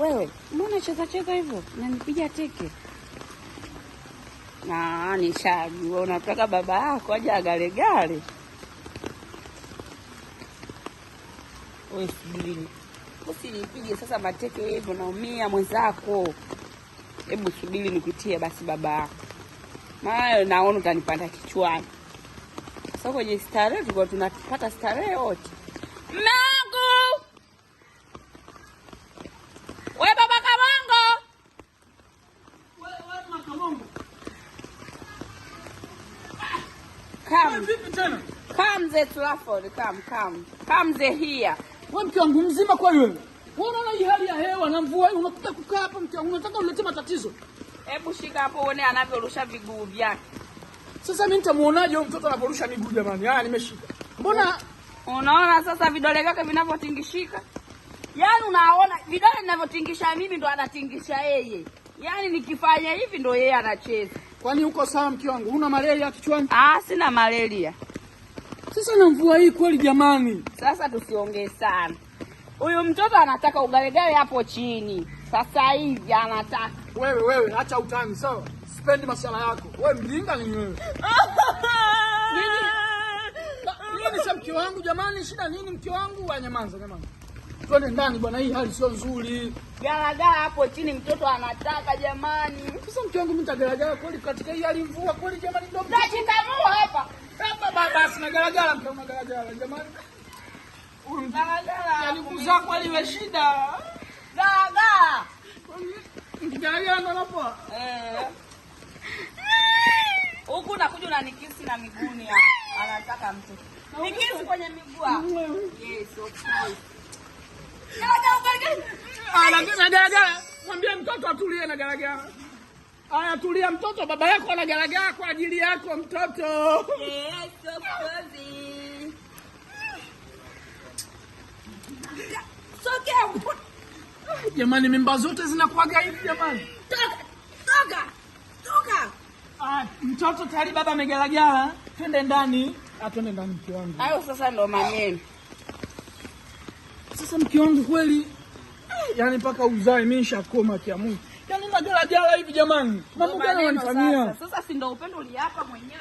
Wewe mbona cheza cheza hivyo nanipiga teke? Na nishajua unataka baba yako aje agalegale. Wewe subiri, usinipige sasa mateke hivyo, naumia mwenzako. Hebu subiri nikutie basi baba yako, maana naona utanipanda kichwani. Sasa kwenye starehe tulikuwa tunapata starehe wote. Kaa mzee Wewe mke wangu mzima kweli wewe. Wewe unaona hii hali ya hewa na mvua hii unakuta kukaa hapa mke wangu unataka ulete matatizo. Hebu shika hapo uone anavyorusha viguu vyake. Sasa mimi nitamuonaje huyo mtoto anaporusha miguu jamani? Haya nimeshika. Mbona unaona sasa vidole vyake vinavyotingishika? Yaani unaona vidole vinavyotingisha mimi ndo anatingisha yeye. Yaani nikifanya hivi ndo yeye anacheza. Kwani uko sawa mke wangu? Una malaria kichwani? Ah, sina malaria. Sasa na mvua hii kweli jamani. Sasa tusiongee sana. Huyu mtoto anataka ugalegale hapo chini. Sasa hivi anataka. Wewe wewe acha utani sawa? Sipendi masuala yako. Wewe mlinga ni wewe. Nini? Nini sasa mke wangu jamani, shida nini mke wangu? Anyamaza, jamani tuende ndani bwana, hii hali sio nzuri. Galagala hapo chini mtoto anataka jamani. Sasa mke wangu mimi nitagalagala kweli katika hii hali mvua kweli jamani, ndio mtachikamua hapa. Hapa baba sina galagala, mke wangu galagala jamani. Galagala. Yaani kuzaa kwa liwe shida. Galagala. Galagala ndo hapo. Eh. Huku nakuja unanikisi na miguuni anataka mtoto. Nikisi kwenye miguu. Mm. Yes, okay. Ah, anagaragara. Mwambie mtoto atulie na garagara. Aya, tulia mtoto, baba yako anagaragara kwa ajili yako mtoto. Jamani, mimba zote zinakuwaga hivi jamani. Toka, toka, toka. Ah, mtoto tayari baba amegaragara. Twende ndani. Ah, twende ndani mke wangu. Hayo sasa ndo maneno. Sasa mke wangu kweli yani mpaka uzae mimi nishakoma kiamungu. Yaani magalagala hivi jamani. Mambo gani wanifanyia? Sasa si ndio upendo uliapa mwenyewe.